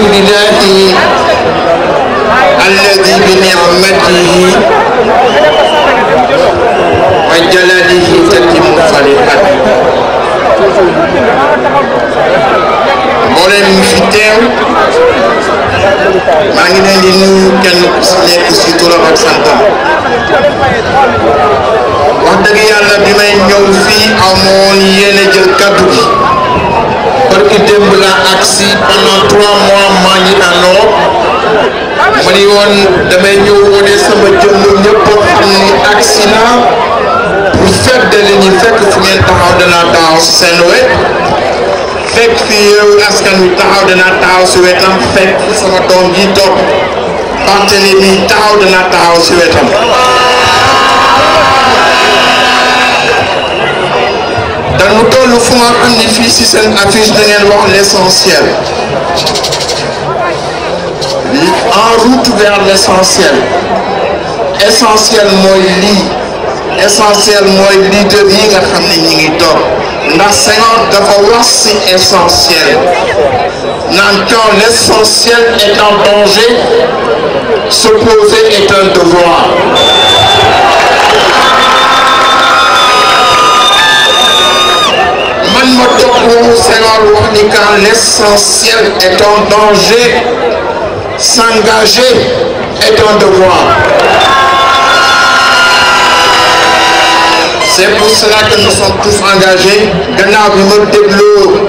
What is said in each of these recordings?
الحمد لله الذي بنعمته وجلاله تتم الصالحات mboolem mi fi teew maa ngi leen di nuyu kenn ku si nekk si turam ak santam wax dëgg may ñëw fii amoon yéene jël kaddu gi barki démb laa agsi pendant trois mois maa ngi àndoo ma ni woon damay ñëw wone sama jëmm ñëpp xam ni agsi naa pour feddali ñi fekk fu ngeen taxaw danaa taxaw seen wet fekk fi yow askan wi taxaw danaa taxaw si wetam fekk sama doom ji toog partenaire bi taxaw danaa taxaw si wetam Faut en am ni affiche da ngeen l'essentiel en route vers l'essentiel essentiel mooy lii essentiel mooy leader yi nga xam ne ñi ngi door ndax Senghor dafa wax si essentiel Maintenant, quand l'essentiel est en danger s'opposer est un devoir ma topp Senghor wax ni quand l'essentiel est en danger s'engager est un devoir c'est pour cela que nous sommes tous engagés gannaaw bi ma dégloo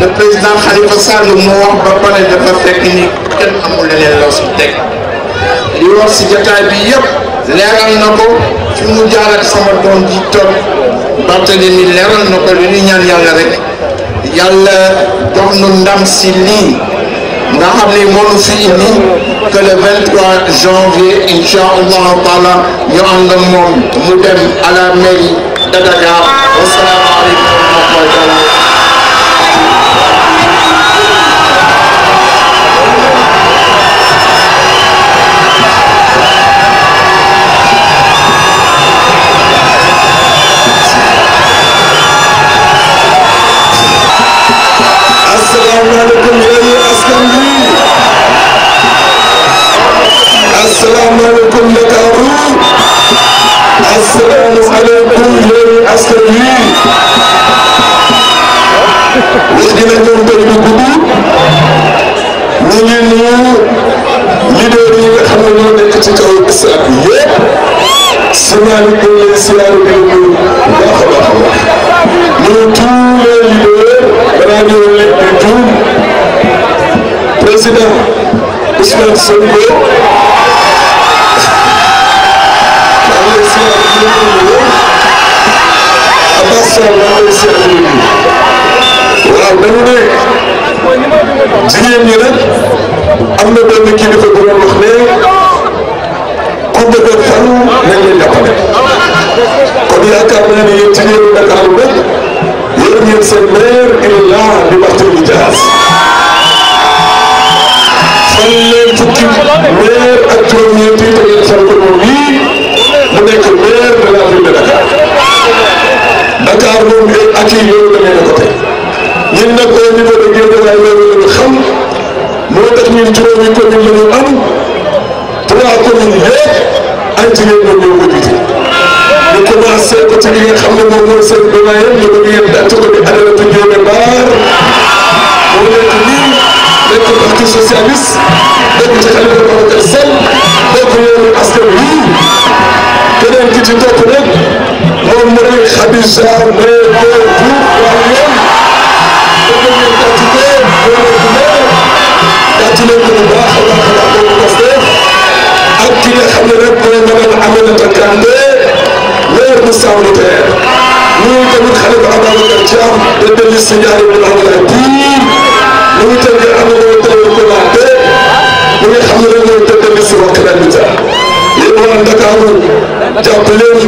le président Khalifa Sall moo wax ba pare dafa fekk ni kenn amul leneen loo si teg si jataay bi yëpp leeral na ko fi mu jaar ak sama doom ji toog Barthélemy mi leeral na ko li ñu ñaan yàlla rek yàlla jox nu ndam si lii nga xam ni fi indi que le 23 janvier incha allahu taala ñu ànd mu dem à la mairie de Dakar wasalaamaaleykum wa rahmatulah ñaari kuréel si laa doon déglu bu baax a baax a baax ñun tous les leaders danaa ñëw leen di tuub président ne jigéen ñi ne ku bëgg yaakaar naa ne yéen ci yéen Dakar lu bëri yéen yéen seen maire il est là di Barthélémy Dias fan leen fukki maire ak juróom-ñeent yi te ngeen fal ko moom yii mu nekk maire de la ville de Dakar Dakar moom ay at yi yow da ngeen a ko tey ñun nag au niveau de Guédiawaye loolu la ñu xam moo tax ñun juróomi commune la ñu am trois communes yëpp ay jigéen ñoom ci li nga xam ne moom mooy seen domaine ñu bëgg yem daal tudd bi alal bu ñëwee baar moo nekk nii nekk parti socialiste nekk ci xale bu Babacar Sall nekk yoonu askan wi keneen ki ci topp nag moom mooy Khadija Mbaye Diop waa yoon bëgg ngeen tàccute moo nekk nee tàccu leen ko bu baax a baax a baax boobu Pastef ak ki nga xam ne rek mooy madame Aminata Kandé sanitaire ñun tamit Khalifa Ababacar Thiam le benn signalé bu ndax la diir ñu ngi tënk am na ñoo tënk ko laa dee ñu ngi xam ne rek ñoo tënk bi si wax keneen bi ca yéen waa Ndakaaru jàpp leen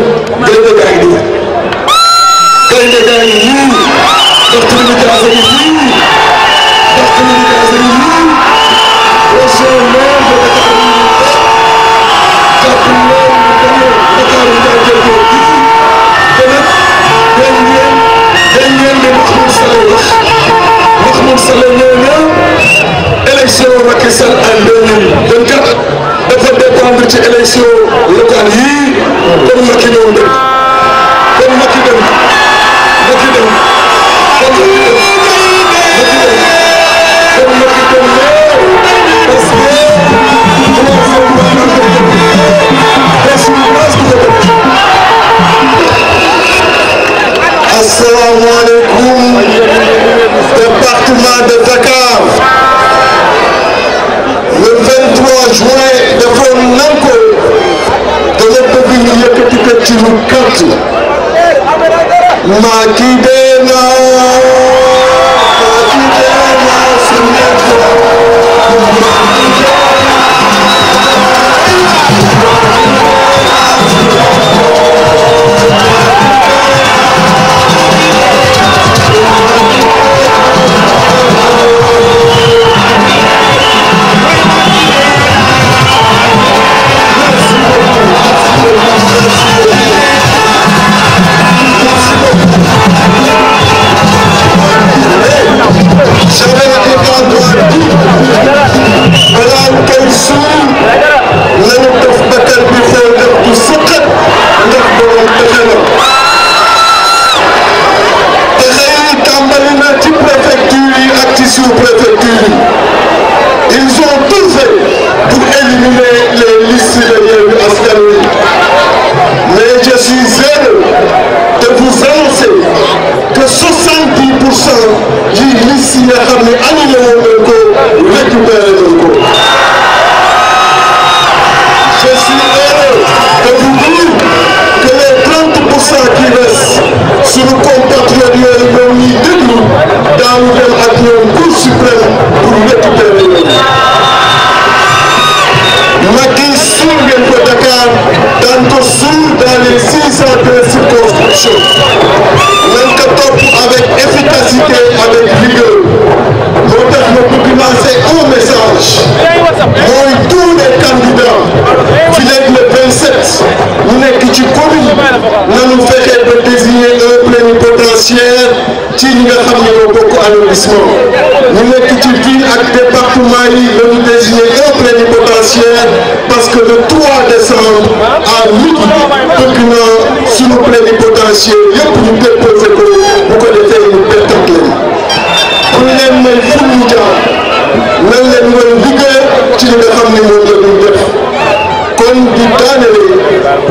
gaynde gaa ngi nii gaynde gaa ngi nii ndax tur bi jaasa ngi nii président Macky Sall en 2024 dafa dépendre ci élection locale yii comme Macky ñëw nga maa ci dee naa maa ci dee naa message. moi tous les candidats qui léegi le 27 nous nekk ci Nous Nous nous désigner un plénipotentiaire ci nous nga à ne ñoo nous que ñu nekk désigner un plénipotentiaire parce que le 3 décembre à midi bëgg na suñu plénipotentiaire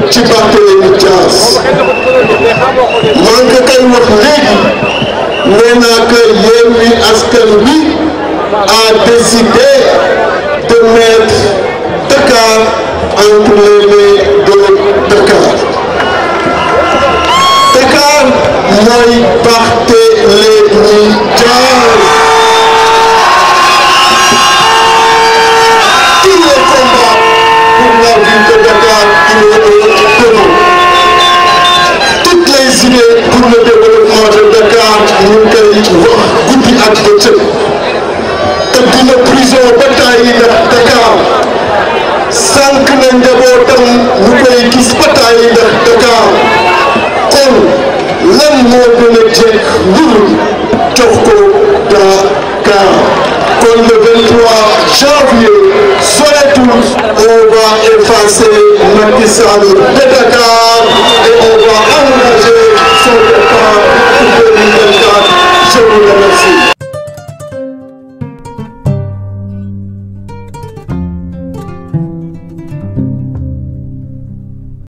Tu partais du jazz. nga koy wax léegi que a décidé de mettre Dakar entre les deux de Dakar Dakar partait les quarante ñu ngi wax guddi ak bëccëg tëdd na prison ba tàyyi na Dakar sànq na njabootam ñu koy gis ba tàyyi na Dakar kon lan moo gën jekk lul jox ko Dakar kon le 23 janvier soletul on va effacer Macky Sall